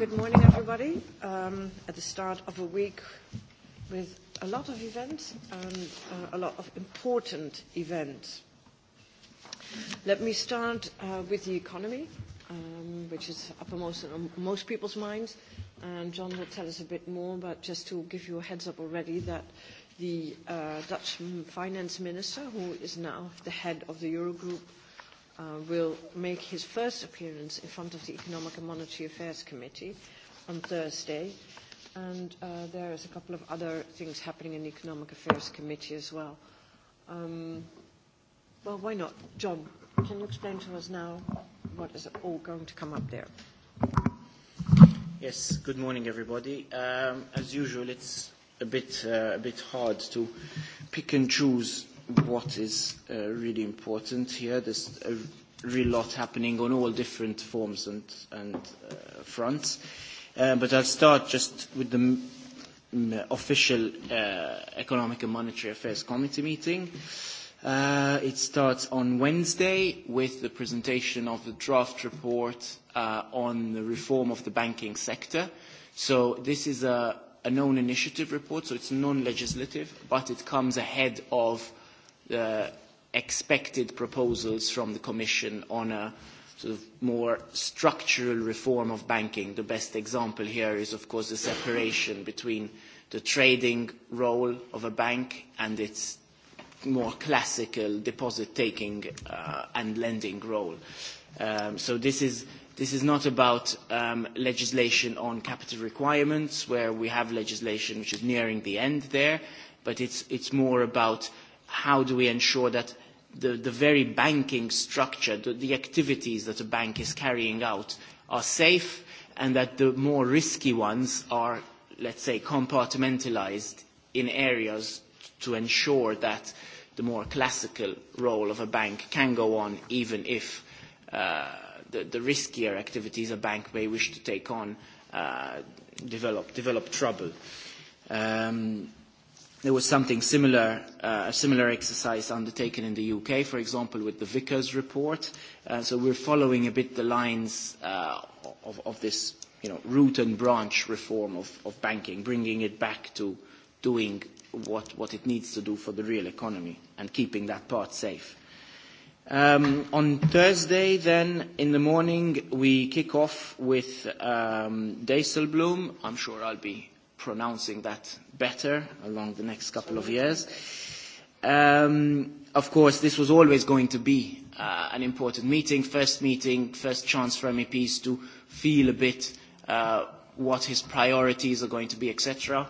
Good morning, everybody. Um, at the start of a week with a lot of events and uh, a lot of important events. Let me start uh, with the economy, um, which is uppermost in um, most people's minds. And John will tell us a bit more, but just to give you a heads up already that the uh, Dutch finance minister, who is now the head of the Eurogroup, uh, will make his first appearance in front of the Economic and Monetary Affairs Committee on Thursday. And uh, there is a couple of other things happening in the Economic Affairs Committee as well. Um, well, why not? John, can you explain to us now what is all going to come up there? Yes, good morning, everybody. Um, as usual, it's a bit, uh, a bit hard to pick and choose what is uh, really important here. There's a real lot happening on all different forms and, and uh, fronts. Uh, but I'll start just with the official uh, Economic and Monetary Affairs Committee meeting. Uh, it starts on Wednesday with the presentation of the draft report uh, on the reform of the banking sector. So this is a, a known initiative report, so it's non-legislative, but it comes ahead of uh, expected proposals from the Commission on a sort of more structural reform of banking. The best example here is, of course, the separation between the trading role of a bank and its more classical deposit-taking uh, and lending role. Um, so this is This is not about um, legislation on capital requirements, where we have legislation which is nearing the end there, but it's, it's more about how do we ensure that the, the very banking structure, the, the activities that a bank is carrying out are safe and that the more risky ones are, let's say, compartmentalized in areas to ensure that the more classical role of a bank can go on even if uh, the, the riskier activities a bank may wish to take on uh, develop, develop trouble. Um, there was something similar, uh, a similar exercise undertaken in the UK, for example, with the Vickers report. Uh, so we're following a bit the lines uh, of, of this, you know, root and branch reform of, of banking, bringing it back to doing what, what it needs to do for the real economy and keeping that part safe. Um, on Thursday, then, in the morning, we kick off with um, Dijsselbloem. I'm sure I'll be pronouncing that better along the next couple of years. Um, of course, this was always going to be uh, an important meeting, first meeting, first chance for MEPs to feel a bit uh, what his priorities are going to be, etc.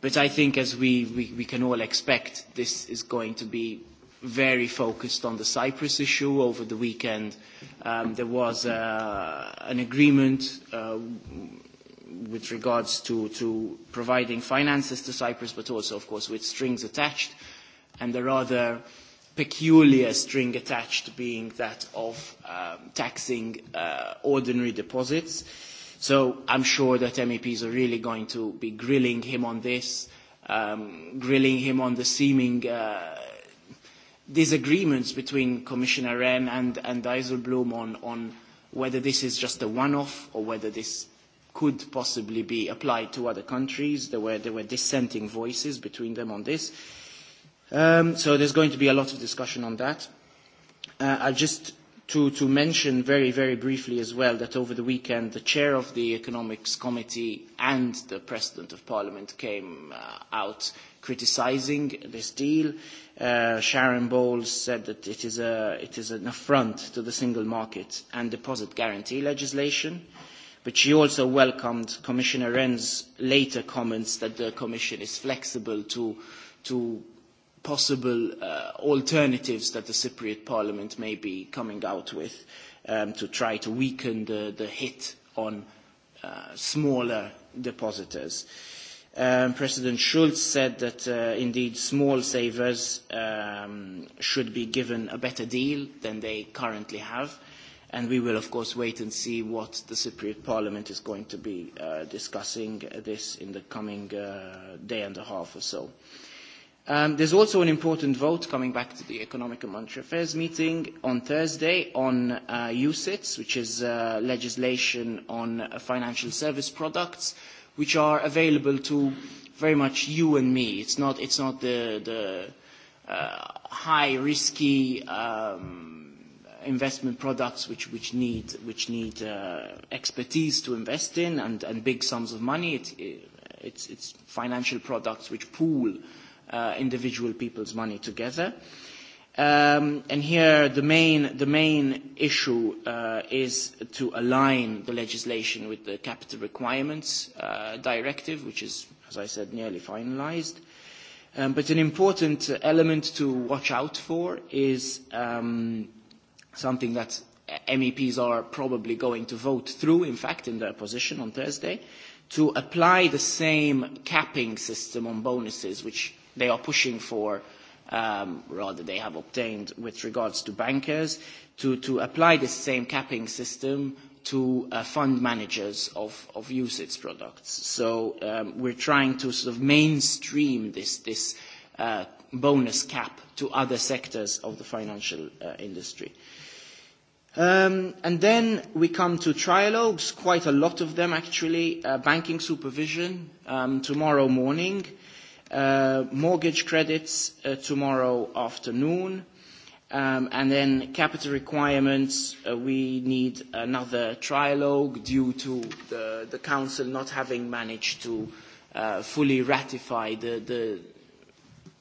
But I think, as we, we, we can all expect, this is going to be very focused on the Cyprus issue over the weekend. Um, there was uh, an agreement uh, with regards to, to providing finances to Cyprus, but also, of course, with strings attached, and the rather peculiar string attached being that of um, taxing uh, ordinary deposits. So I'm sure that MEPs are really going to be grilling him on this, um, grilling him on the seeming uh, disagreements between Commissioner Wren and, and Dijsselbloem on, on whether this is just a one-off or whether this could possibly be applied to other countries. There were, there were dissenting voices between them on this. Um, so there's going to be a lot of discussion on that. Uh, I just to, to mention very, very briefly as well that over the weekend the chair of the economics committee and the president of parliament came uh, out criticizing this deal. Uh, Sharon Bowles said that it is, a, it is an affront to the single market and deposit guarantee legislation. Uh, but she also welcomed Commissioner Wren's later comments that the Commission is flexible to, to possible uh, alternatives that the Cypriot Parliament may be coming out with um, to try to weaken the, the hit on uh, smaller depositors. Um, President Schulz said that uh, indeed small savers um, should be given a better deal than they currently have. Uh, and we will of course wait and see what the Cypriot Parliament is going to be uh, discussing this in the coming uh, day and a half or so. Um, there's also an important vote coming back to the Economic and Monetary Affairs meeting on Thursday on uh, USITS, which is uh, legislation on uh, financial service products, which are available to very much you and me. It's not, it's not the, the uh, high risky um, investment products which, which need, which need uh, expertise to invest in and, and big sums of money. It's, it's, it's financial products which pool uh, individual people's money together. Um, and here the main, the main issue uh, is to align the legislation with the Capital Requirements uh, Directive, which is, as I said, nearly finalized. Um, but an important element to watch out for is um, – something that MEPs are probably going to vote through, in fact, in their position on Thursday, to apply the same capping system on bonuses, which they are pushing for, um, rather they have obtained with regards to bankers, to, to apply the same capping system to uh, fund managers of, of UCITS products. So um, we're trying to sort of mainstream this, this uh, bonus cap to other sectors of the financial uh, industry. Um, and then we come to trialogues, quite a lot of them actually, uh, banking supervision um, tomorrow morning, uh, mortgage credits uh, tomorrow afternoon, um, and then capital requirements, uh, we need another trialogue due to the, the Council not having managed to uh, fully ratify the, the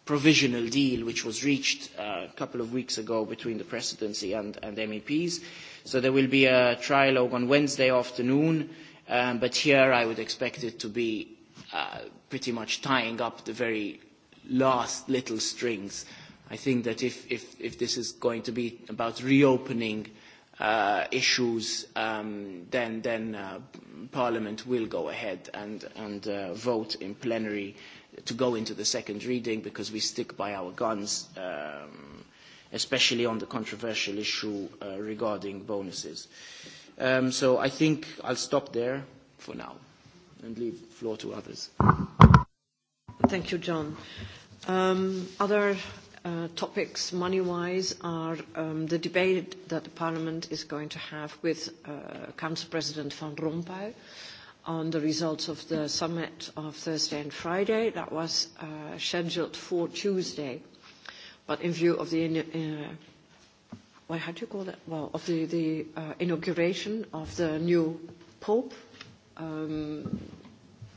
provisional deal which was reached uh, a couple of weeks ago between the presidency and, and MEPs. So there will be a trilogue on Wednesday afternoon, um, but here I would expect it to be uh, pretty much tying up the very last little strings. I think that if, if, if this is going to be about reopening uh, issues, um, then, then uh, Parliament will go ahead and, and uh, vote in plenary uh, to go into the second reading because we stick by our guns, um, especially on the controversial issue uh, regarding bonuses. Um, so I think I'll stop there for now and leave the floor to others. Thank you, John. Um, other uh, topics, money-wise, are um, the debate that the Parliament is going to have with uh, Council President Van Rompuy on the results of the summit of Thursday and Friday. That was uh, scheduled for Tuesday. But in view of the, uh, what, how do you call that? Well, of the, the uh, inauguration of the new Pope, um,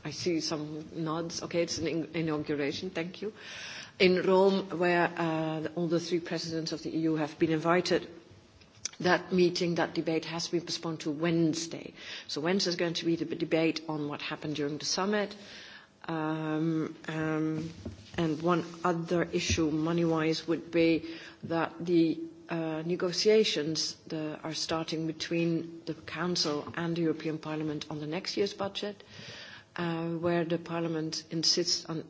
I see some nods. Okay, it's an in- inauguration. Thank you. In Rome, where uh, all the three presidents of the EU have been invited, that meeting, that debate has been postponed to Wednesday. So Wednesday is going to be the debate on what happened during the summit. Um, um, and one other issue, money-wise, would be that the uh, negotiations that are starting between the Council and the European Parliament on the next year's budget, uh, where the Parliament insists on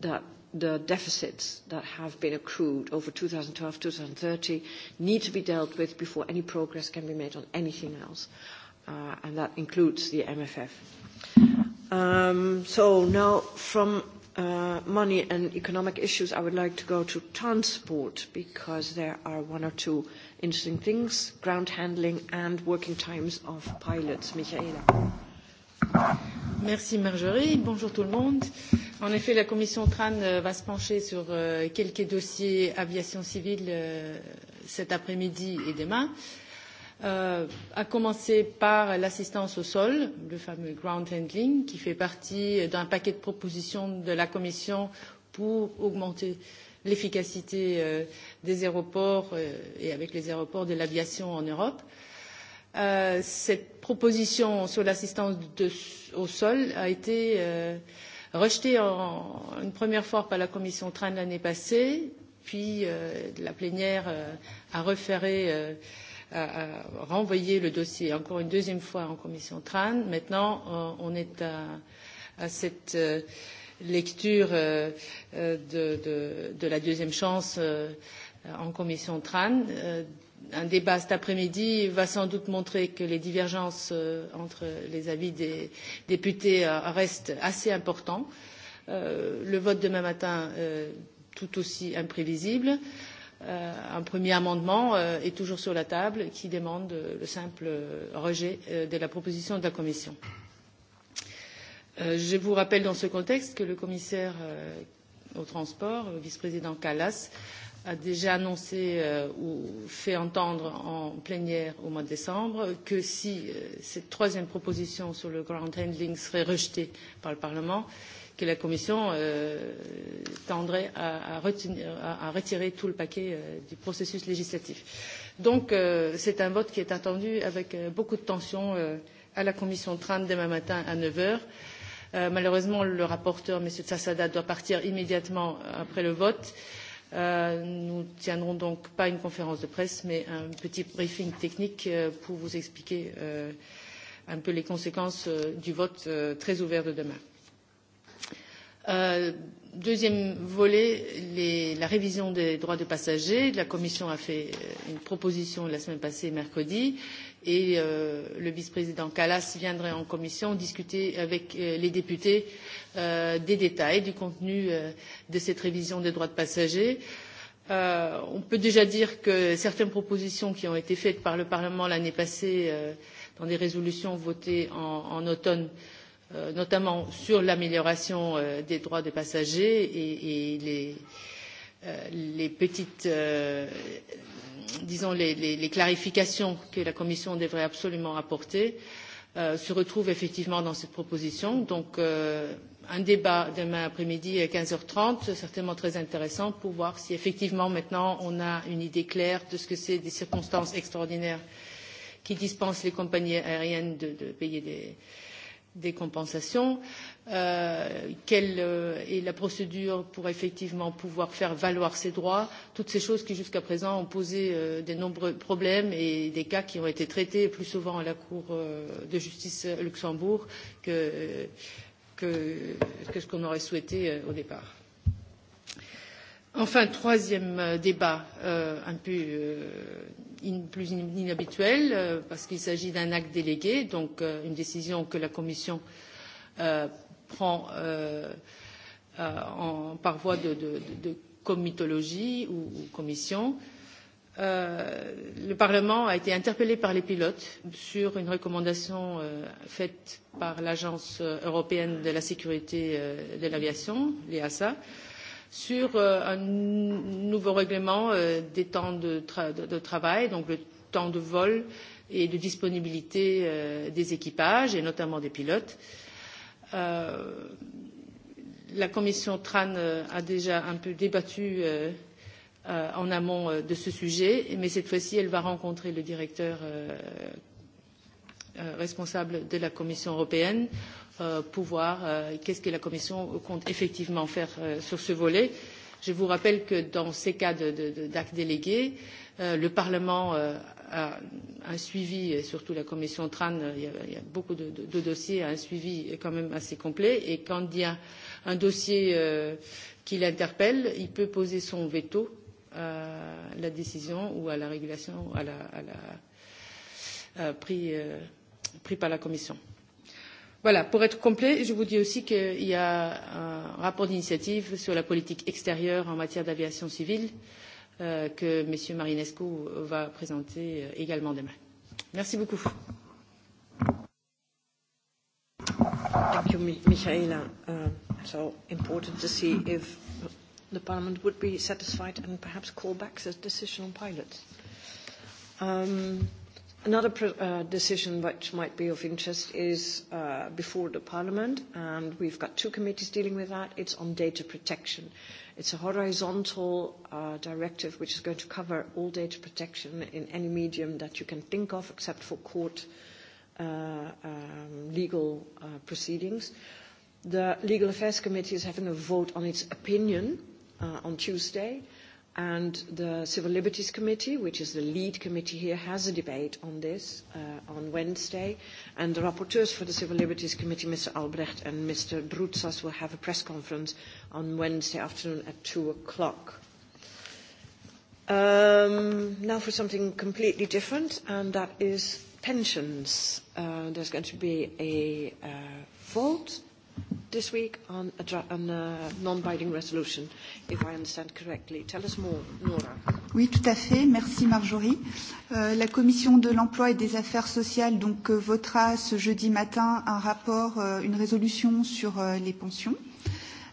that the deficits that have been accrued over 2012, 2030 need to be dealt with before any progress can be made on anything else. Uh, and that includes the MFF. Um, so now from uh, money and economic issues, I would like to go to transport because there are one or two interesting things, ground handling and working times of pilots. Michaela. Merci Marjorie. Bonjour tout le monde. En effet, la commission TRAN euh, va se pencher sur euh, quelques dossiers aviation civile euh, cet après-midi et demain, euh, à commencer par l'assistance au sol, le fameux ground handling, qui fait partie d'un paquet de propositions de la Commission pour augmenter l'efficacité euh, des aéroports euh, et avec les aéroports de l'aviation en Europe. Euh, euh, cette proposition sur l'assistance au sol a été euh, rejetée en, une première fois par la commission TRAN l'année passée, puis euh, la plénière euh, a referré, euh, a, a renvoyé le dossier encore une deuxième fois en commission TRAN. Maintenant, euh, on est à, à cette euh, lecture euh, euh, de, de, de la deuxième chance euh, en commission TRAN. Euh, un débat cet après-midi va sans doute montrer que les divergences euh, entre les avis des députés euh, restent assez importantes. Euh, le vote demain matin euh, tout aussi imprévisible. Euh, un premier amendement euh, est toujours sur la table qui demande euh, le simple euh, rejet euh, de la proposition de la Commission. Euh, je vous rappelle dans ce contexte que le commissaire euh, au transport, euh, vice-président Callas, euh, a déjà annoncé euh, ou fait entendre en plénière au mois de décembre que si euh, cette troisième proposition sur le ground handling serait rejetée par le Parlement, que la Commission euh, tendrait à, à, retenir, à, à retirer tout le paquet euh, du processus législatif. Donc euh, c'est un vote qui est attendu avec euh, beaucoup de tension euh, à la Commission 30 demain matin à 9 heures. Euh, malheureusement, le rapporteur, M. Tsassada, doit partir immédiatement après le vote. Euh, Euh, nous ne tiendrons donc pas une conférence de presse, mais un petit briefing technique euh, pour vous expliquer euh, un peu les conséquences euh, du vote euh, très ouvert de demain. Euh, deuxième volet, les, la révision des droits des passagers. La Commission a fait euh, une proposition la semaine passée, mercredi. Euh, et euh, le vice-président Callas viendrait en commission discuter avec euh, les députés euh, des détails du contenu euh, de cette révision des droits de passagers. Euh, on peut déjà dire que certaines propositions qui ont été faites par le Parlement l'année passée euh, dans des résolutions votées en, en automne euh, notamment sur l'amélioration euh, des droits des passagers et, et les, euh, Euh, les petites, euh, disons, les, les, les clarifications que la Commission devrait absolument apporter euh, se retrouvent effectivement dans cette proposition. Donc, euh, un débat demain après-midi à 15h30, certainement très intéressant pour voir si effectivement maintenant on a une idée claire de ce que c'est des circonstances extraordinaires qui dispensent les compagnies aériennes de, de payer des, euh, des compensations euh, quelle euh, est la procédure pour effectivement pouvoir faire valoir ses droits toutes ces choses qui jusqu'à présent ont posé euh, de nombreux problèmes et des cas qui ont été traités plus souvent à la cour euh, de justice euh, luxembourg que, euh, que, que ce qu'on aurait souhaité euh, au départ. Enfin, troisième euh, débat euh, un peu euh, in, plus inhabituel euh, parce qu'il s'agit d'un acte délégué, donc euh, une décision que la Commission euh, prend euh, euh, en, par voie de, de, de, de comitologie ou, ou commission. Euh, le Parlement a été interpellé par les pilotes sur une recommandation euh, faite par l'Agence euh, européenne de la sécurité euh, de l'aviation, l'EASA, euh, sur euh, un nouveau règlement euh, des temps de, tra de, de travail, donc le temps de vol et de disponibilité euh, des équipages et notamment des pilotes. Euh, la commission TRAN euh, a déjà un peu débattu euh, euh, en amont euh, de ce sujet, mais cette fois-ci, elle va rencontrer le directeur euh, euh, responsable de la Commission européenne euh, pouvoir, euh, qu'est-ce que la Commission compte effectivement faire euh, sur ce volet. Je vous rappelle que dans ces cas d'actes délégués, euh, le Parlement euh, a un suivi, et surtout la Commission TRAN, euh, il y a, il y a beaucoup de, de, de dossiers, a un suivi quand même assez complet. Et quand il y a un dossier euh, qui l'interpelle, il peut poser son veto à la décision ou à la régulation à la, à la, euh, pris, euh, pris par la Commission. Euh, Voilà, pour être complet, je vous dis aussi qu'il y a un rapport d'initiative sur la politique extérieure en matière d'aviation civile euh, que M. Marinescu va présenter euh, également demain. Merci beaucoup. Thank you, Michaela. Uh, so important to see if the Parliament would be satisfied and perhaps call back the decision on pilots. Um, Another pr- uh, decision which might be of interest is uh, before the Parliament, and we've got two committees dealing with that. It's on data protection. It's a horizontal uh, directive which is going to cover all data protection in any medium that you can think of, except for court uh, um, legal uh, proceedings. The Legal Affairs Committee is having a vote on its opinion uh, on Tuesday. Uh, And the Civil Liberties Committee, which is the lead committee here, has a debate on this uh, on Wednesday. And the rapporteurs for the Civil Liberties Committee, Mr. Albrecht and Mr. Drutzas, will have a press conference on Wednesday afternoon at 2 o'clock. Um, now for something completely different, and that is pensions. Uh, there's going to be a uh, vote this week on a, dra- on a non-binding resolution, if I understand correctly. Tell us more, Nora. Oui, tout à fait. Merci, Marjorie. Euh, la Commission de l'emploi et des affaires sociales donc, euh, votera ce jeudi matin un rapport, euh, une résolution sur euh, les pensions.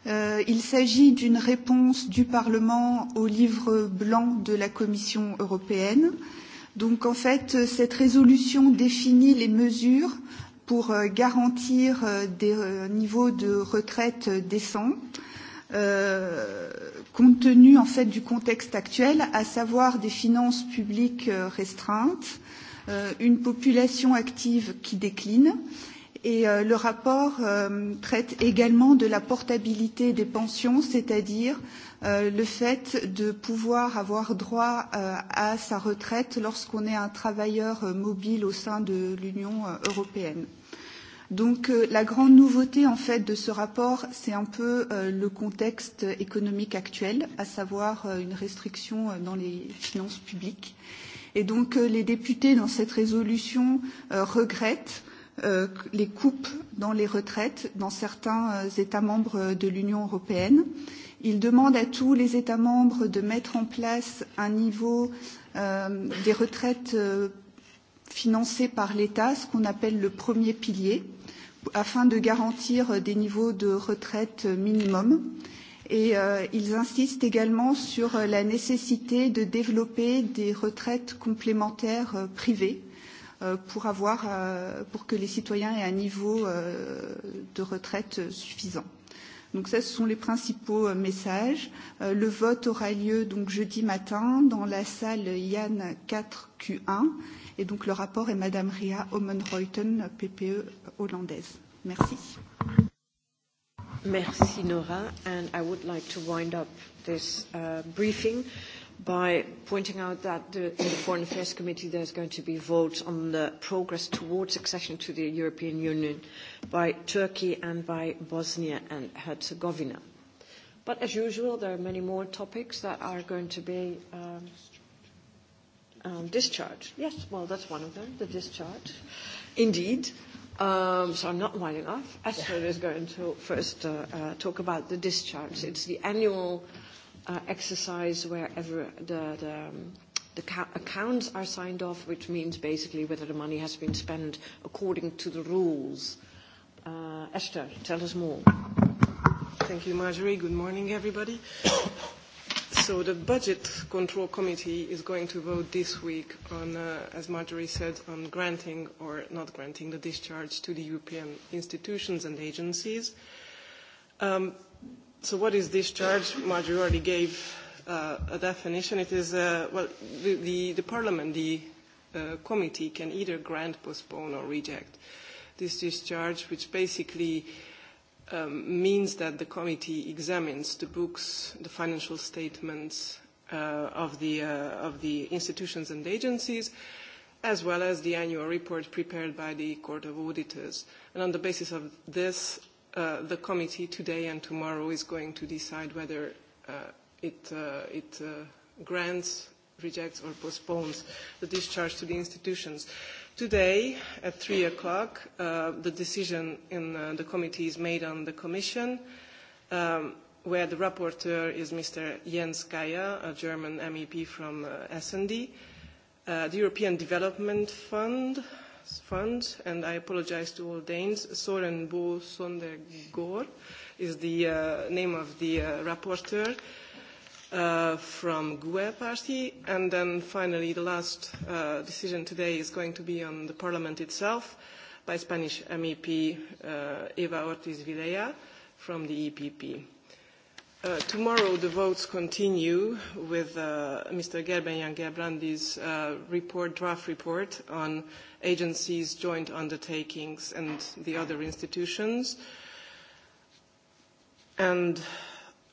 Euh, il s'agit d'une réponse du Parlement au livre blanc de la Commission européenne. Donc en fait, euh, cette résolution définit les mesures pour euh, garantir euh, des euh, niveaux de retraite décents, euh, compte tenu en fait du contexte actuel, à savoir des finances publiques restreintes, euh, une population active qui décline Et euh, le rapport euh, traite également de la portabilité des pensions, c'est-à-dire euh, le fait de pouvoir avoir droit euh, à sa retraite lorsqu'on est un travailleur euh, mobile au sein de l'Union euh, européenne. Donc euh, la grande nouveauté en fait de ce rapport, c'est un peu euh, le contexte économique actuel, à savoir euh, une restriction euh, dans les finances publiques. Et donc euh, les députés dans cette résolution euh, regrettent euh, euh, les coupes dans les retraites dans certains euh, États membres de l'Union européenne. Il demande à tous les États membres de mettre en place un niveau euh, des retraites euh, financées par l'État, ce qu'on appelle le premier pilier, afin de garantir des niveaux de retraite minimum. Et euh, ils insistent également sur la nécessité de développer des retraites complémentaires euh, privées Euh, pour, avoir, euh, pour que les citoyens aient un niveau euh, de retraite suffisant. Donc ça, ce sont les principaux messages. Le vote aura lieu donc jeudi matin dans la salle Yann 4Q1. Et donc le rapport est Madame Ria Omenreuten, PPE hollandaise. Merci. Merci Nora, and I would like to wind up this uh, briefing by pointing out that the, in the Foreign Affairs Committee there's going to be votes on the progress towards accession to the European Union by Turkey and by Bosnia and Herzegovina. But as usual, there are many more topics that are going to be um, um, discharged. Yes, well, that's one of them, the discharge. Indeed. Um, so I'm not winding off. Esther is going to first uh, uh, talk about the discharge. It's the annual uh, uh, exercise wherever the, the, um, the accounts are signed off, which means basically whether the money has been spent according to the rules. Uh, Esther, tell us more. Thank you, Marjorie. Good morning, everybody. so the Budget Control Committee is going to vote this week on, uh, as Marjorie said, on granting or not granting the discharge to the European institutions and agencies. Um, So what is discharge? Marjorie already gave uh, a definition. It is, uh, well, the, the, the Parliament, the uh, committee can either grant, postpone or reject this discharge, which basically um, means that the committee examines the books, the financial statements uh, of, the, uh, of the institutions and agencies, as well as the annual report prepared by the Court of Auditors. And on the basis of this, uh, the committee today and tomorrow is going to decide whether uh, it, uh, it uh, grants, rejects or postpones the discharge to the institutions. Today at 3 o'clock uh, the decision in uh, the committee is made on the Commission um, where the rapporteur is Mr. Jens Kaya, a German MEP from uh, SD. Uh, the European Development Fund, uh, Fund, and I apologize to all Danes. Soren Bo Sondergaard is the uh, name of the uh, rapporteur uh, from GUE party. And then finally, the last uh, decision today is going to be on the parliament itself by Spanish MEP uh, Eva Ortiz Vilella from the EPP. Uh, tomorrow the votes continue with uh, Mr. Gerben Gerbrandy's uh, report, draft report on agencies, joint undertakings and the other institutions. And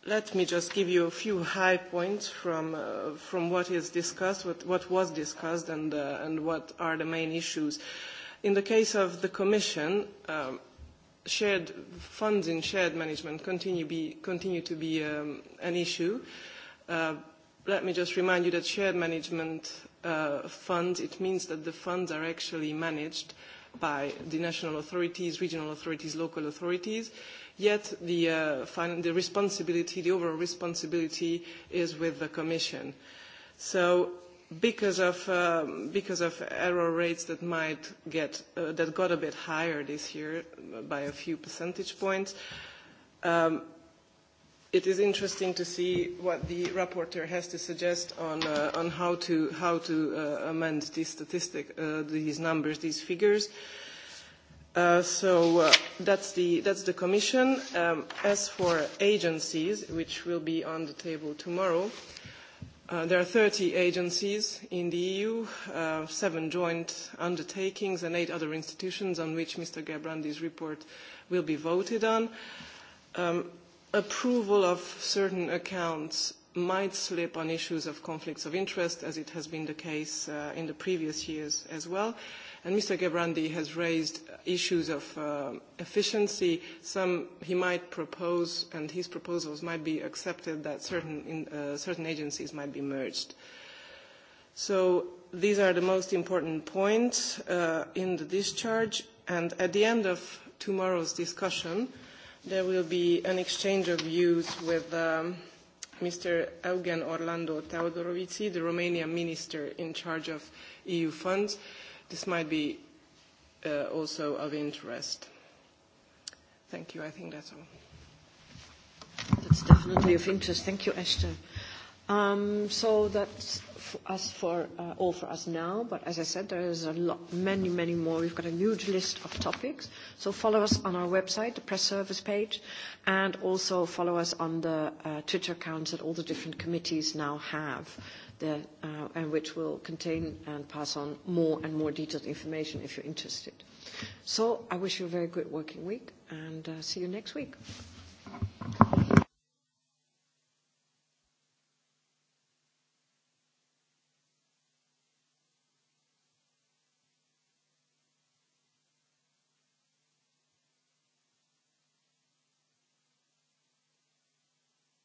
let me just give you a few high points from, uh, from what is discussed, what, what was discussed and, uh, and what are the main issues. In the case of the Commission, um, uh, shared funds in shared management continue, be, continue to be um, an issue. Uh, let me just remind you that shared management uh, funds, it means that the funds are actually managed by the national authorities, regional authorities, local authorities, yet the, uh, fin- the responsibility, the overall responsibility is with the Commission. So because of uh, because of error rates that might get uh, that got a bit higher this year by a few percentage points. Um, it is interesting to see what the rapporteur has to suggest on uh, on how to how to uh, amend these statistic uh, these numbers these figures. Uh, so uh, that's the that's the commission. Um, as for agencies, which will be on the table tomorrow. Uh, Uh, there are 30 agencies in the EU, uh, seven joint undertakings and eight other institutions on which Mr. Gabrandi's report will be voted on. Um, approval of certain accounts might slip on issues of conflicts of interest, as it has been the case uh, in the previous years as well. And Mr. Gebrandi has raised issues of uh, efficiency. Some he might propose, and his proposals might be accepted, that certain, in, uh, certain agencies might be merged. So these are the most important points uh, in the discharge. And at the end of tomorrow's discussion, there will be an exchange of views with um, – Mr. Eugen Orlando Teodorovici, the Romanian minister in charge of EU funds. This might be uh, also of interest. Thank you. I think that's all. That's definitely of interest. Thank you, Esther. Um, so that's us for uh, all for us now. But as I said, there is a lot, many, many more. We've got a huge list of topics. So follow us on our website, the press service page, and also follow us on the uh, Twitter accounts that all the different committees now have, the, uh, and which will contain and pass on more and more detailed information if you're interested. So I wish you a very good working week, and uh, see you next week.